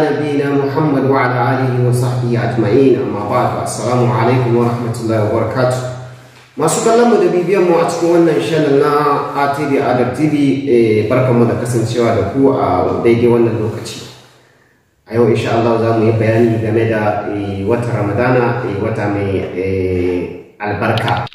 على نبينا محمد وعلى آله وصحبه أجمعين أما بعد السلام عليكم ورحمة الله وبركاته masu kallon mu da biyar mu a cikin wannan channel na ATV Adab TV barkan mu da kasancewa da ku a daidai wannan lokaci a yau insha za mu yi bayani game da watan Ramadana wata mai albarka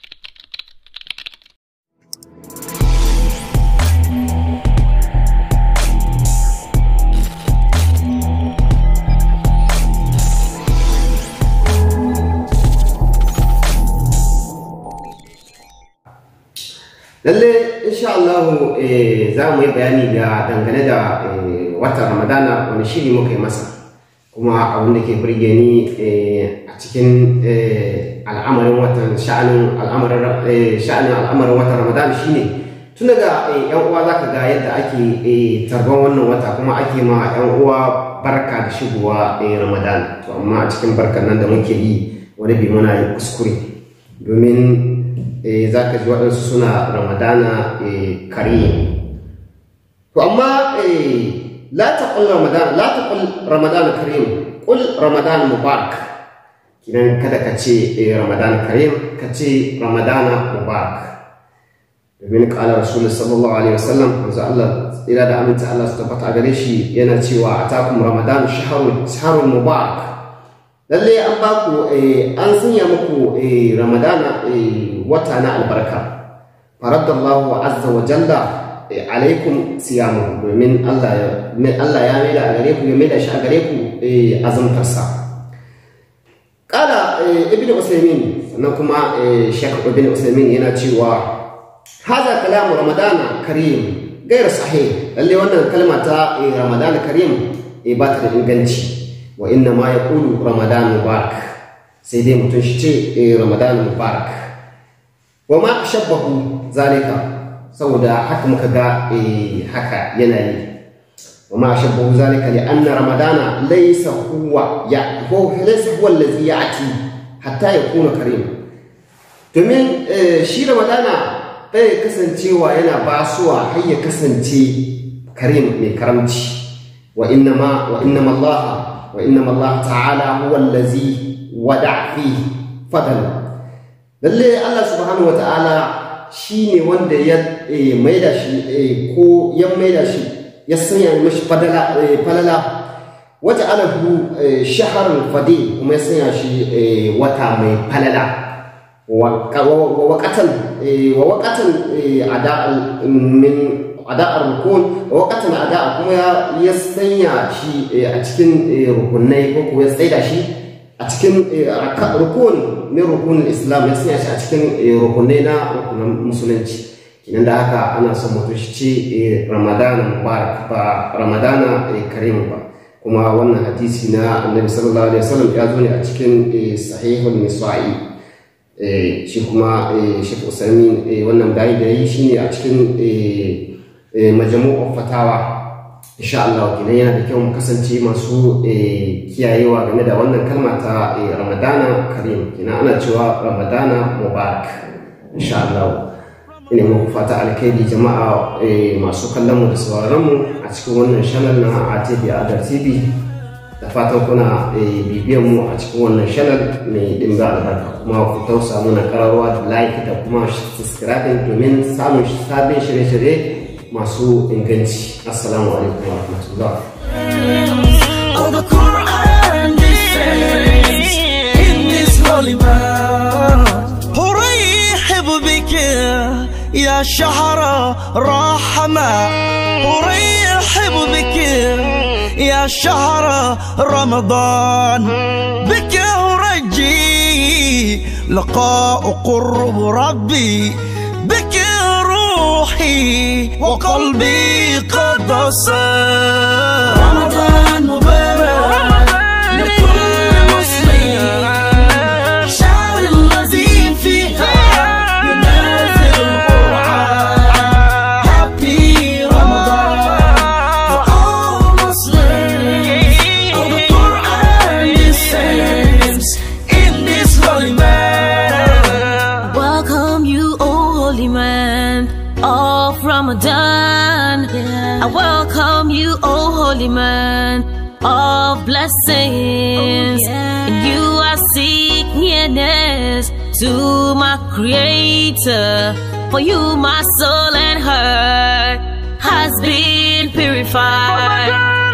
lalle insha Allah eh, za mu yi bayani da dangane da eh, watan ramadana wani shiri muka yi masa kuma abin da ke birge ni eh, a cikin al'amarin watan sha'anin al'amarin watan ramadana shine tun daga yan uwa za ka ga yadda ake tarban wannan wata kuma ake ma yan uwa barka da shigowa ramadana to amma a cikin barkan nan da muke yi wani bi muna yi kuskure domin Eh, za ka ji waɗansu suna ramadana eh, kare to amma eh, la Ramadana ramadan la taqul ramadana karim qul ramadan mubarak kinan kada ka ce Ramadana karim ka ce ramadana mubarak domin kala rasulun sallallahu alaihi wasallam wanzu Allah ila da aminta Allah su tabbata gare shi yana cewa a takun ramadan shaharun mubarak Lallai an ba ku eh, an sunya muku eh, ramadana eh, wata na albarka faradallahu azza wa jalla alaikum siyamu domin Allah ya maida a gare ku ya da shi a gare ku azumtarsa kala ibn usaimin sannan kuma shekar ibn usaimin yana cewa haza kalamu ramadana karim gairar sahih Lallai wannan kalma ta ramadana karim ba ta da inganci wa inna ma ya kulu ramadan mubarak sai dai mutum shi ce eh, ramadan mubarak wa ma shabbahu zalika saboda haka muka ga eh, haka yana yi wa ma shabbahu zalika li anna ramadana laysa huwa ya huwa laysa huwa allazi ya'ti hatta yakuna karim? domin eh, shi ramadana bai kasancewa yana basuwa har ya kasance karim mai karamci وإنما وإنما الله وإنما الله تعالى هو الذي ودع فيه فضلا lalle Allah subhanahu wataala shine wanda ya eh, maida shi eh, ko ya maida shi ya sanya mishi fadala eh, falala wata alahu shaharul fadi kuma ya sanya shi wata mai falala wa waqatan a waqatan ada'al min ada'ar rukun wakatan ada'a kuma ya sanya shi a cikin rukunai ko kuma ya tsaida shi a cikin rukun min rukunin islam ya sanya shi a cikin rukunai na rukunan musulunci kinan da haka ana son mutum shi ce ramadana mubarak ba ramadana karim ba kuma wannan hadisi na annabi sallallahu alaihi wasallam ya zo ne a cikin sahihul nisa'i shi kuma shi usamin wannan bayan da yi shine a cikin Eh, majamu'ar fatawa insha Allah kenan yana da kyau mu kasance masu eh, kiyayewa game da wannan kalma ta eh, Ramadana Karim Ina ana cewa Ramadana Mubarak insha Allah ina muku fata alkaidi jama'a masu kallon mu da sauraron mu a cikin wannan shanar na ATV Adar TV da fatan kuna bibiyan mu a cikin wannan shanar mai dimba albarka kuma ku tausa mana karawa da like da kuma subscribing domin samun sabbin shirye-shirye masu inganci assalamu alaikum warahmatullahi يا شهر رحمة أرحب بك يا شهر رمضان بك أرجي لقاء قرب ربي بك روحي وقلبي قد رمضان مبارك of Ramadan. Yeah. I welcome you, O holy man of blessings. Oh, yeah. And you are seek nearness to my creator. For you, my soul and heart has been purified. Oh,